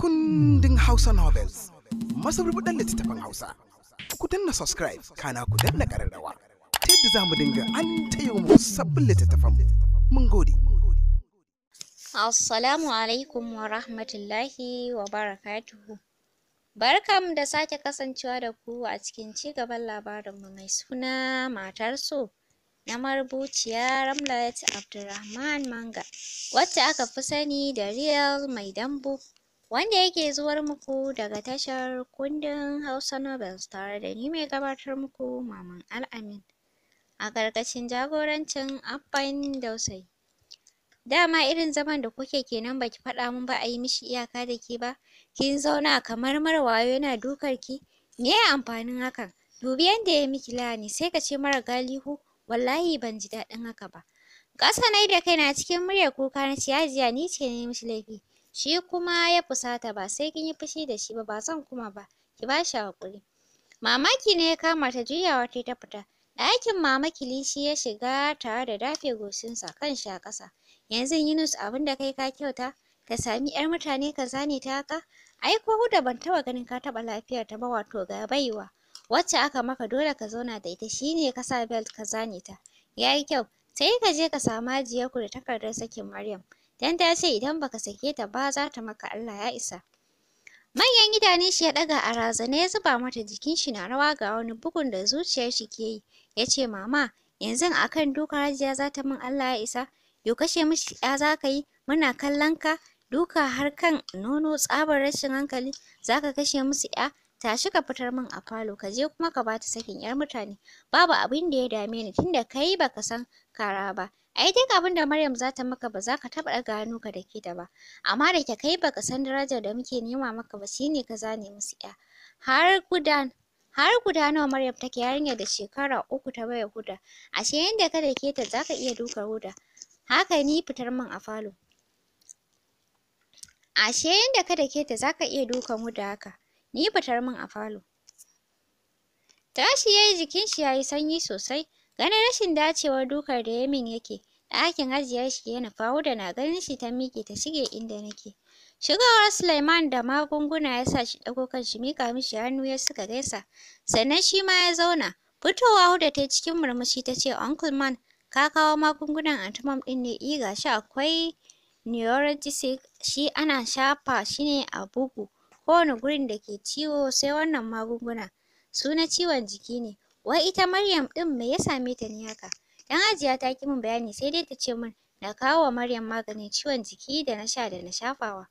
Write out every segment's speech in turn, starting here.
kundin Hausa Novels, Masu masarubuɗan littattafan Hausa. Ku danna subscribe, kana ku danna ƙararrawa. Ta yadda za mu dinga an tayo mu sabbin littattafan mun gode. Assalamu alaikum wa rahmatullahi wa barakatuhu. Barkam da sake kasancewa da ku a cikin ci gaban labarinmu mai suna matar so. na marubuciya Ramlat Abdulrahman Manga, wacce aka fi sani da Real Mai Dambu, wanda yake zuwar muku daga tashar kundin Hausa Novels tare da ni mai gabatar muku Maman Al'amin a ƙarƙashin jagorancin Abban Dausayi. Dama irin zaman da kuke kenan baki faɗa mun ba a yi mishi iyaka da ke ba, kin zauna kamar mara wayo yana dukar ki, me ya amfanin hakan? Dubi yanda ya miki lahani sai ka ce mara galihu, wallahi ban ji daɗin haka ba. Ƙasa na da kaina cikin muryar kuka na ce ni ce na yi mishi laifi. Shi kuma ya fusata ba sai kin yi fushi da shi ba ba zan kuma ba ki ba shi haƙuri. Mamaki ne ya kama ta juyawa ta ta fita. Ɗakin mama kilishi ya shiga tare da dafe goshinsa shi a ƙasa. Yanzu Yunus abin da kai ka kyauta ka sami 'yar mutane ka zane ta haka. Ai ko Huda ban taɓa ganin ka taɓa lafiyar ta ba wato ga baiwa. Wacce aka maka dole ka zauna da ita shine ka sa belt ka zane ta. Yayi kyau sai ka je ka samu ajiyarku ku da takardar sakin Maryam. Dan ta ce idan baka sake ta ba za ta maka Allah ya isa. Manyan gidane shi ya daga a razane ya zuba mata jikin shi na rawa ga wani bugun da zuciyar shi ke yi. Ya ce mama yanzu akan duka Hajiya za ta min Allah ya isa. Yo kashe mishi ya za ka yi muna kallon ka duka har kan nono tsabar rashin hankali za ka kashe musu ya tashi ka fitar min a falo ka je kuma ka bata sakin yar mutane babu abin da ya dame ni tunda kai baka san kara ba ai duk abin da Maryam za ta maka ba za ka taɓa ɗaga hannu ka dake ta ba amma da ke kai baka san darajar da muke nema maka ba shine ka zane musu ƴa har guda har guda nawa Maryam take yarinyar da shekara uku ta baya Huda ashe yanda ka dake ta za ka iya dukar Huda haka ni fitar min a falo ashe yanda ka dake ta za ka iya dukan Huda haka ni fitar min a falo tashi yayi jikin shi yayi sanyi sosai Ganin rashin dacewar dukar da ya min yake, ɗakin ajiye shi ya nufa da na ganin shi ta miƙe ta shige inda nake. Shigowar Sulaiman da magunguna ya sa shi ɗago kan shi miƙa mishi hannu ya suka gaisa, sannan shi ma ya zauna. Fitowa Huda ta cikin murmushi ta ce, Uncle Man, ka kawo magungunan antimum ɗin ne? I eh, ga shi akwai neurogesic, shi ana shafa shi ne a bugu, kowane gurin da ke ciwo sai wannan magunguna. Su na ciwon jiki ne, Wai ita Maryam ɗin me ya same ta ne haka? Dan Hajiya ta ki min bayani sai dai ta ce min na kawo wa Maryam maganin ciwon jiki da na sha da na shafawa.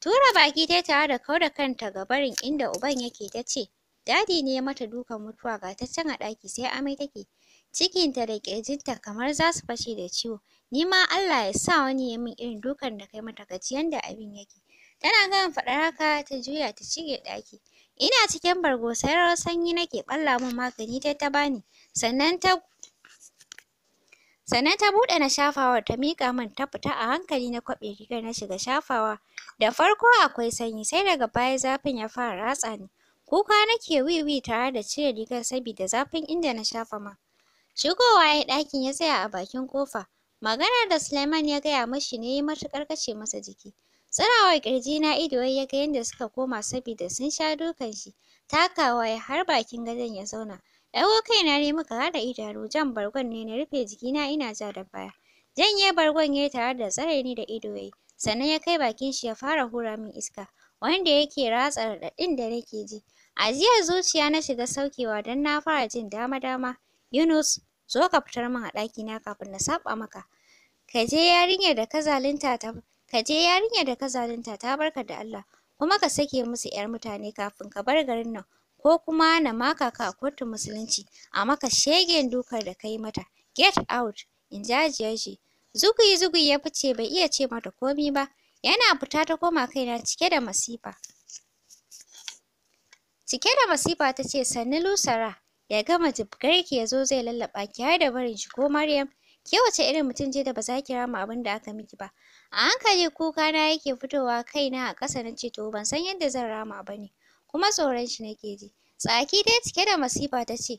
Tura baki ta tare da kau da kanta ga barin inda uban yake ta ce, Dadi ne ya mata dukan mutuwa ga ta can a ɗaki sai amai take. Cikinta da ƙirjinta kamar za su fashe da ciwo. Ni ma Allah ya sa wani ya min irin dukan da kai mata gaji da abin yake. Tana gama faɗar haka ta juya ta shige ɗaki. Ina cikin bargo sai sanyi nake ɓalla min magani ta ta bani. Sannan ta sannan ta buɗe na shafawar ta miƙa min ta fita a hankali na kwaɓe rigar na shiga shafawa. Da farko akwai sanyi sai daga baya zafin ya fara ratsa ni. Kuka nake wiwi tare da cire rigar sabida zafin inda na shafa man. Shigowa ya yi ɗakin ya tsaya a bakin ƙofa. Maganar da Suleiman ya gaya mashi ne ya yi matuƙar kashe masa jiki. tsanawar ƙirji na ido ya ga yadda suka koma sabida sun sha dukan shi. Takawa ya har bakin gadon ya zauna. Ɗago kaina ne muka haɗa idanu jan bargon ne na rufe jikina ina ja da baya. Janye bargon ya yi tare da tsare ni da ido Sannan ya kai bakin shi ya fara hura min iska. Wanda yake ratsa raɗaɗin da nake ji. ajiya zuciya na shiga saukewa don na fara jin dama-dama. Yunus, zo ka fitar min a ɗakina kafin na saɓa maka. Ka je yarinyar da ka zalunta ta Ka je yarinyar da ka zalunta ta barka da Allah, kuma ka sake musu 'yar mutane kafin ka bar garin nan, ko kuma na maka ka a kotun musulunci, a maka shegen dukar da ka mata. Get out! in ji Hajiya Shi. Zuguyi-zuguyi ya fice bai iya ce mata komi ba, yana fita ta koma kaina cike da masifa. Cike da masifa ta ce, sannu Lusara, ya gama jibgar ki ya zai lallaɓa ki har da barin shi ko Maryam. Ke irin mutum ce da ba za ki rama abin da aka miki ba? A hankali kuka na yake fitowa kaina a ƙasa na ce to ban san yadda zan rama ba ne, kuma tsoron shi nake ji. Tsaki dai cike da masifa ta ce,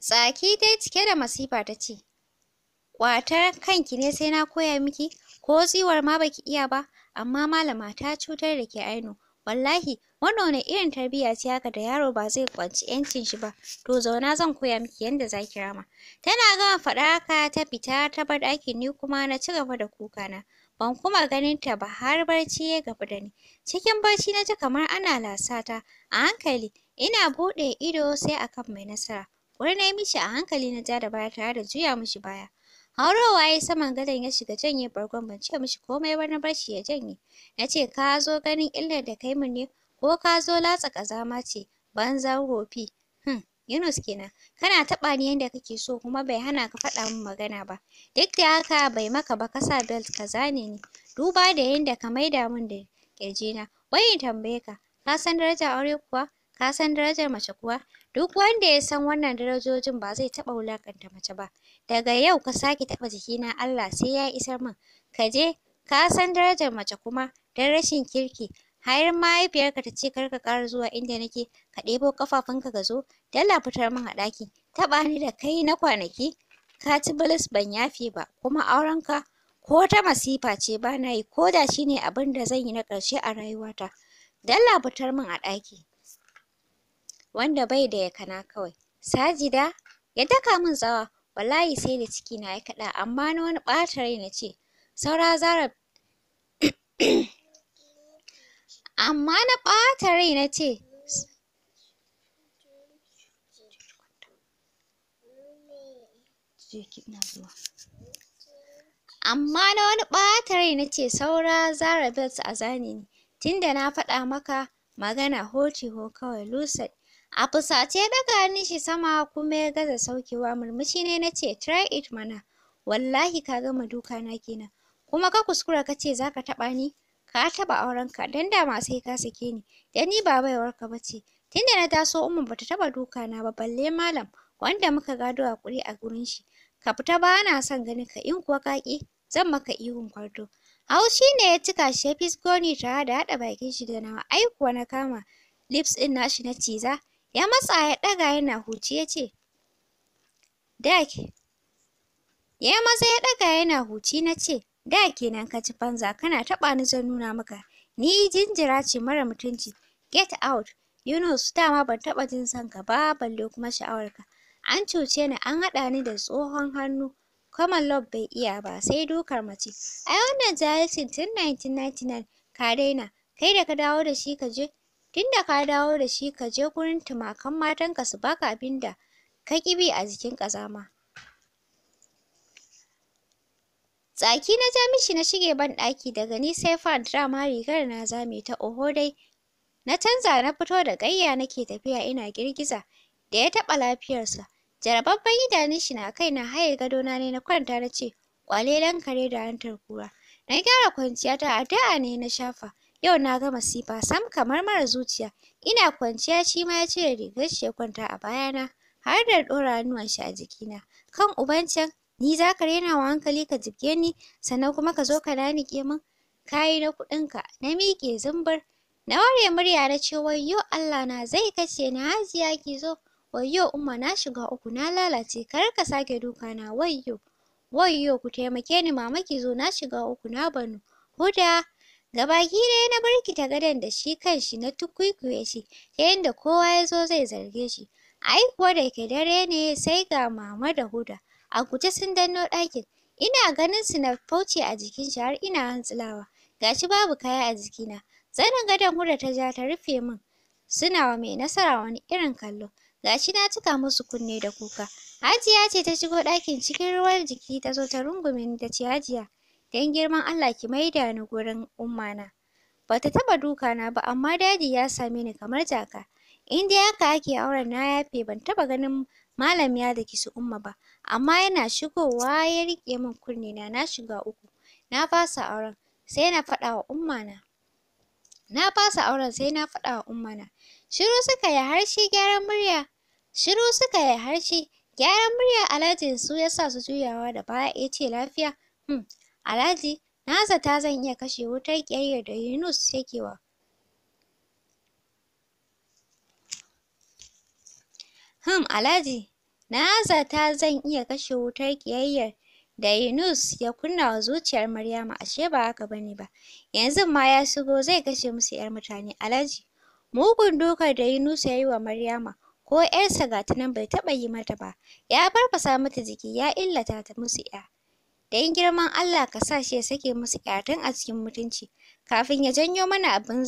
Tsaki dai cike da masifa ta ce, Ƙwatar kanki ne sai na koya miki, ko tsiwar ma baki iya ba, amma malama ta cutar da ke aino. Wallahi, Wannan irin tarbiyya ce haka da yaro ba zai kwanci ‘yancin shi ba, to zauna zan koya miki yadda za ki rama. Tana gama faɗa haka ta fita ta bar ɗakin ni kuma na ci gaba da na. Ban kuma ganin ta ba har barci ya gabu da ni. Cikin barci na ji kamar ana lasata, a hankali ina buɗe ido sai akan mai nasara. Wani na yi mishi a hankali na ja da baya tare da juya mishi baya. Haurowa ya saman gadon ya shiga janye bargon ban ce mishi komai ba na barshi ya janye. Na ce ka zo ganin illar da kai min ne ko ka zo latsa ƙazama ce banzan wofi hmm Yunus kenan kana taɓa ni yanda kake so kuma bai hana ka faɗa min magana ba duk da haka bai maka ba kasa sa belt kaza ne ni duba da yadda ka maida min da na wai in tambaye ka ka san darajar aure kuwa ka san darajar mace kuwa duk wanda ya san wannan darajojin ba zai taɓa wulakanta mace ba daga yau ka sake taɓa jikina Allah sai ya isar min ka je ka san darajar mace kuma don rashin kirki Har mahaifiyarka ta ce kar ka ƙara zuwa inda nake, ka ɗebo ƙafafunka ka zo, dala fitar min a ɗaki. Taɓa ni da kai na kwanaki, ka ci bilis ban yafe ba, kuma aurenka ko ta masifa ce ba na yi, ko da shi ne abin da zan yi na ƙarshe a rayuwata. Dala fitar min a ɗaki. Wanda bai da yakana kawai. Sajida, ya daka min tsawa, wallahi sai da ciki na ya kaɗa, amma na wani ɓata rai na ce, saura Zara Amma na ɓata rai na ce, Amma na wani ɓata rai na ce saura Zara Bells a zane ni, tunda na faɗa maka magana ho kawai lucid. A fusace ya gani nishi sama kuma ya gaza saukewa murmushi ne na ce try it mana, wallahi ka gama duka na kenan, kuma ka kuskura ka ce za ka taɓa ni. ka taɓa aurenka don da ma sai ka sake ni dan ni ba ka ba ce tunda na taso umma bata taɓa duka na ba balle malam wanda muka gado a kuri a gurin shi ka fita ba na son ganin ka in kuwa ka ƙi zan maka ihun kwarto haushi ne ya cika shi ya fisgo tare da haɗa bakin shi da nawa ai kuwa na kama lips ɗin nashi na ciza ya matsa ya ɗaga yana huci ya ce ya maza ya ɗaga yana huci na Da kenan ka ci fanza kana taɓa ni zan nuna maka. Ni jinjira ce mara mutunci. Get out. Yunus dama ban taɓa jin son ka ba balle kuma sha'awarka. An cuce ni an haɗa ni da tsohon hannu. Common love bai iya ba sai dukar mace. Ai wannan jahilcin tun 1999 ka daina. Kai da ka dawo da shi ka je tunda ka dawo da shi ka je gurin tumakan matanka su baka abin da ka ƙi bi a jikin ƙazama. Tsaki na ja mishi na shige banɗaki daga ni sai fan drama rigar na zame ta oho dai. Na canza na fito da gayya nake tafiya ina girgiza da ya taɓa lafiyarsa. jarababban idanun shi na kai na haye gadona ne na kwanta na ce dan kare da hantar kura. Na gyara kwanciya ta addu'a ne na shafa. Yau na ga masifa sam kamar mara zuciya. Ina kwanciya shi ma ya cire rigar shi ya kwanta a bayana har da ɗora hannuwan shi a jikina. Kan uban Ni za ka raina wa hankali ka jibge ni sannan kuma ka zo ka nanike min kayi na ka. Na miƙe zumbar. Na ware murya na ce wayyo Allah na zai kace na! hajiya ki zo. Wayyo umma na shiga uku na lalace kar ka sake duka na wayyo. Wayyo ku taimake ni mama ki zo na shiga uku na banu. Huda Gabaki ɗaya na birkita gadon da shi kanshi na tukwikwiye shi ta yadda kowa ya zo zai zarge shi. Ai kuwa da ke dare ne sai ga mama da Huda. a guje sun danno ɗakin ina ganin su na fauce a jikin shi har ina hantsilawa gashi babu kaya a jikina zanin gadon Huda ta ja ta rufe min suna wa mai nasara wani irin kallo gashi na cika musu kunne da kuka Hajiya ce ta shigo ɗakin cikin ruwan jiki ta zo ta rungume ni ta ce Hajiya don girman Allah ki maida ni gurin umma na bata taɓa duka na ba amma daji ya same ni kamar jaka in dai haka ake auren na yafe ban taɓa ganin malam ya daki su umma ba amma yana shigowa ya riƙe min kunni na na shiga uku na fasa auren sai na faɗa wa umma na na fasa auren sai na faɗa wa umma na shiru suka yi harshe gyaran murya shiru suka yi harshe gyaran murya alhajin su ya sa su juyawa da baya ya ce lafiya hmm alhaji na zata zan iya kashe wutar ƙyayyar da Yunus yake wa Ham Alhaji, na zata zan iya kashe wutar ƙiyayyar da Yunus ya kunna wa zuciyar Maryama ashe ba haka bane ba. Yanzu ma ya shigo zai kashe musu 'yar mutane Alhaji. Mugun dokar da Yunus ya yi wa Maryama ko 'yarsa ga ta nan bai taɓa yi mata ba. Ya farfasa mata jiki ya illata ta musu 'ya. Don girman Allah ka sa shi ya sake musu 'ya a cikin mutunci kafin ya janyo mana abin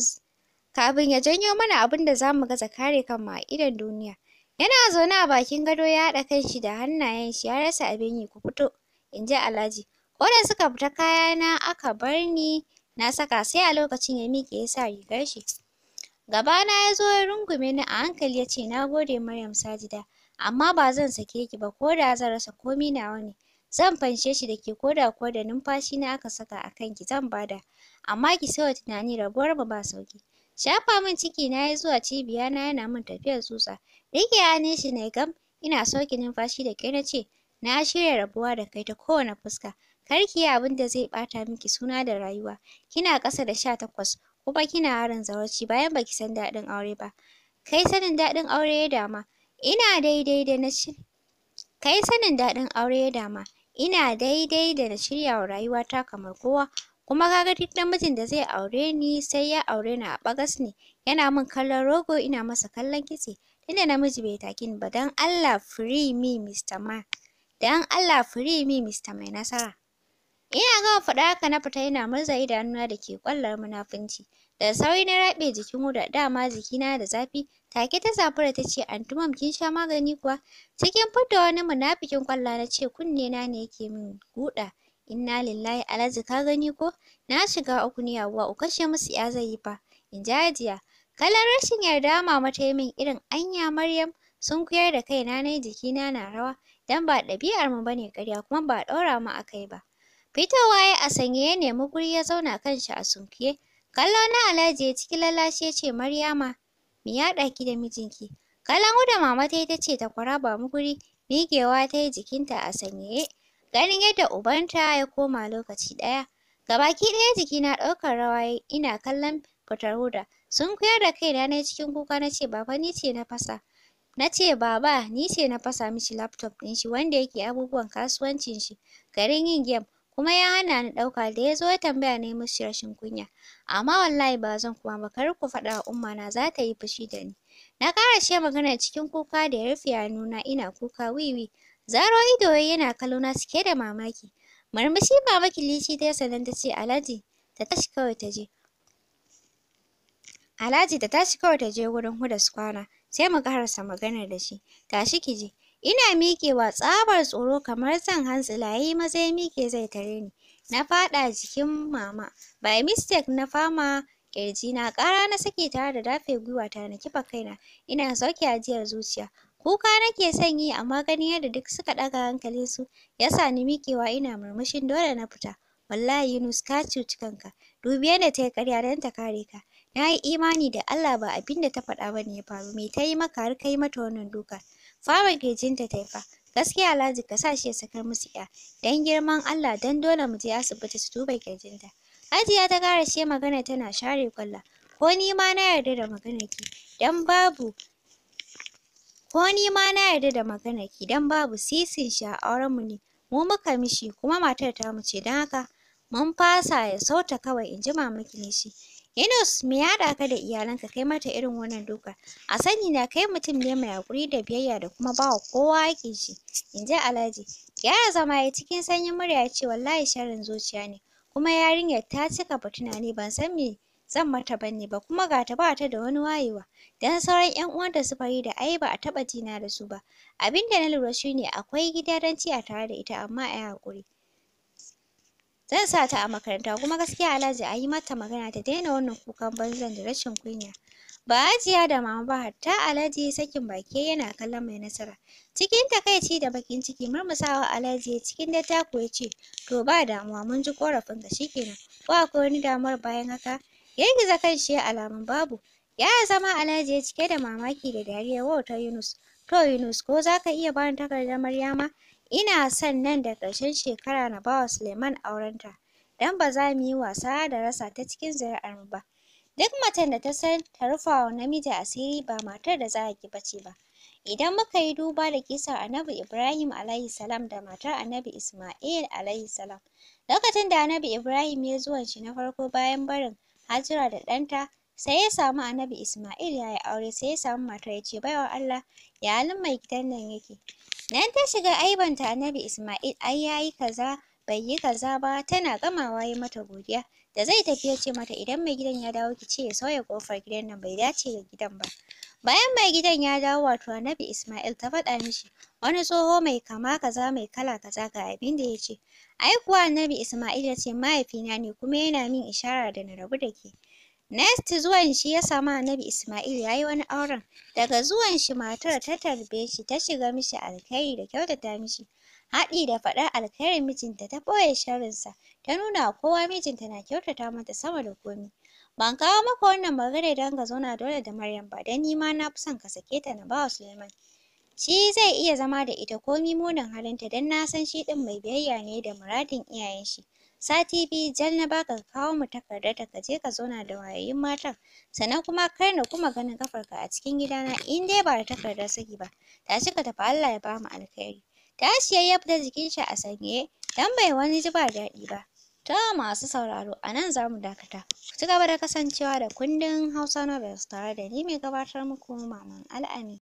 kafin ya janyo mana abin da za gaza kare kanmu a idon duniya. Yana zaune a bakin gado ya haɗa kanshi da hannayen shi ya rasa abin yi ku fito in ji Alhaji. Ko da suka fita kayana aka barni na saka sai a lokacin ya miƙe ya sa rigar shi. Gabana ya zo ya rungume ni a hankali ya ce na gode Maryam Sajida amma ba zan sake ki ba ko da zan rasa komi nawa ne. Zan fanshe shi da ke ko da ko da numfashi na aka saka a kanki zan bada amma ki sauya tunani rabuwar mu ba sauki! Shafa min ciki na yi zuwa cibiya na yana min tafiyar tsutsa. Rike hannun shi na gam ina sauke numfashi da kai na ce na shirya rabuwa da kai ta kowane fuska. Kar ki yi abin da zai ɓata miki suna da rayuwa. Kina ƙasa da sha takwas kuma kina harin zawarci bayan baki san daɗin aure ba. Kai sanin daɗin aure ya dama. Ina daidai da na Kai sanin daɗin aure ya dama. Ina daidai da na shirya wa rayuwata kamar kowa. Kuma ka ga duk namijin da zai aure ni sai ya aure ni a ɓagas ne. Yana min kallon rogo ina masa kallon kitse. Tunda namiji bai take ni ba don Allah free me Mr. Man. Don Allah free me Mr. Mai Nasara. Ina gama faɗa haka na fita ina murza idanuna da ke ƙwallon munafunci. Da sauri na raɓe jikin Huda dama jikina da zafi. Take ta zafura ta ce anti mom kin sha magani kuwa? Cikin fidda wani munafikin ƙwalla na ce kunne na ne yake min guda. inna lillahi alhaji ka gani ko na shiga uku ne u kashe musu ya zai yi fa in ji hajiya kallon rashin yarda mama ta yi min irin anya maryam sun kuyar da kaina nayi jikina na rawa dan ba ɗabi'ar mu bane ƙarya kuma ba ɗora mu a kai ba fitowa ya a sanye ya nemi guri ya zauna kan shi a sunkuye kallo na alhaji ya ciki lallashi ya ce maryama mi ya da mijinki kallon da mama ta yi ta ce takwara ba mu guri miƙewa ta yi jikinta a sanyaye Ganin yadda ubanta ya koma lokaci ɗaya, gabaki ɗaya jikina ɗaukar rawa ina kallon fitar Huda. Sun koyar da kaina nayi cikin kuka nace baba ni ce na fasa. Nace baba ni ce na fasa mishi laptop ɗin shi wanda yake abubuwan kasuwancin shi garin yin game. kuma ya hana ni ɗauka da ya zo ya tambaya na mishi rashin kunya amma wallahi ba zan kuma ba kar ku faɗa wa umma na za ta yi fushi da ni na ƙarashe maganar cikin kuka da ya rufe nuna. ina kuka wiwi Zaro ido yana na cike da mamaki. Murmushi ba Kilishi ta yi sannan ta ce Alhaji ta tashi kawai ta je. Alhaji ta tashi kawai ta je wurin Huda su kwana sai mu karasa magana da shi. Tashi ki je. Ina miƙewa tsabar tsoro kamar zan hantsila yi maza ya miƙe zai tare ni. Na faɗa jikin mama. By mistake na fama ƙirji na ƙara na sake tare da dafe ta na kifa kaina ina sauke ajiyar zuciya. Kuka nake son yi amma ganin yadda duk suka ɗaga hankalin su yasa ni miƙewa ina murmushin dole na fita. Wallahi Yunus ka cuci kanka. Dubi yadda ta yi ƙarya don ta kare ka. Na yi imani da Allah ba abin da ta faɗa bane ne ya faru. Me ta yi maka har ka mata wannan duka? Fara ƙirjinta ta yi fa. Gaskiya Alhaji ka sa shi ya sakar musu ƴa. Don girman Allah don dole mu je asibiti su duba ƙirjinta. Hajiya ta ƙara shi magana tana share kwalla. Ko ni ma na yarda da maganar ki? Don babu Ko ni ma na yarda da ki, don babu sisin shi a auren mu ne, mu muka mishi kuma matar ta mu ce dan haka mun fasa ya sauta kawai in ji mama shi. Yunus me ya daka ka da iyalanka kai mata irin wannan duka? A sani na kai mutum ne mai hakuri da biyayya da kuma bawa kowa haƙƙin shi, in ji Alhaji. ya zama ya cikin sanyin murya ya ce wallahi sharrin zuciya ne, kuma yarinyar ta cika fitina ne ban san me zan mata banne ba kuma ga ta ba ta da wani wayewa dan sauran ƴan uwanta su da ai ba a taɓa jina da su ba abinda na lura shine akwai gidaranci a tare da ita amma ai hakuri zan sa ta a makaranta kuma gaskiya Alhaji ayi mata magana ta daina wannan kukan banzan da rashin kunya ba Hajiya da Mama ba hatta Alhaji sakin baki yana kallon mai nasara cikin takaici da bakin ciki murmusawa Alhaji cikin dattako ya ce to ba damuwa mun ji ƙorafinka shikenan ko akwai wani damuwar bayan haka girgiza kan shi alamun babu ya zama alhaji ya cike da mamaki da dariya ta yunus to yunus ko za ka iya bani takardar maryama ina son nan da ƙarshen shekara na bawa suleiman aurenta dan ba za mu yi wasa da rasa ta cikin mu ba duk macen da ta san ta rufa wa namiji asiri ba matar da za a ki bace ba idan muka yi duba da kisan annabi ibrahim alaihi salam da matar annabi isma'il alaihi salam lokacin da annabi ibrahim ya zuwan shi na farko bayan barin Hajira da ɗanta sai ya samu Annabi Isma'il ya yi aure sai ya samu matar ya ce baiwar Allah ya halin mai gidan nan yake. Nan ta shiga aibanta Annabi Isma'il ai ya yi kaza bai yi kaza ba tana gamawa ya mata godiya da zai tafi ya ce mata idan mai gidan ya dawo ki ce ya sauya kofar gidan nan bai dace da gidan ba. Bayan mai gidan ya dawo wato Annabi Ismail ta faɗa mishi wani tsoho mai kama kaza mai kala kaza ga abin da ya ce. Ai kuwa Annabi Ismail ya ce mahaifina ne kuma yana min ishara da na rabu da ke. Next zuwan shi ya samu Annabi Ismail ya yi wani auren. Daga zuwan shi matar ta tarbe shi ta shiga mishi alkhairi da kyautata mishi. Haɗi da faɗar alkhairin mijinta ta ɓoye sharrinsa ta nuna kowa mijinta na kyautata mata sama da komi. Ban kawo maka wannan maganar don ka zauna dole da Maryam ba, don ni ma na fi son ka sake ta na bawa wa Suleiman. Shi zai iya zama da ita komi munin halinta don na san shi ɗin mai biyayya ne da muradin iyayen shi. Sati biyu jan na baka ka kawo mu takardar ta ka je ka zauna da wayayyun matan, sannan kuma kar na kuma ganin ƙafarka a cikin gidana in dai ba da takardar saki ba. Tashi ka tafi Allah ya bamu mu alkhairi. Tashi ya fita jikin shi a sanye don bai wani ji ba daɗi ba. Ta masu sauraro a nan za mu dakata. Ku ci gaba da kasancewa da kundin Hausa Novels tare da ni mai gabatar muku Maman al'ami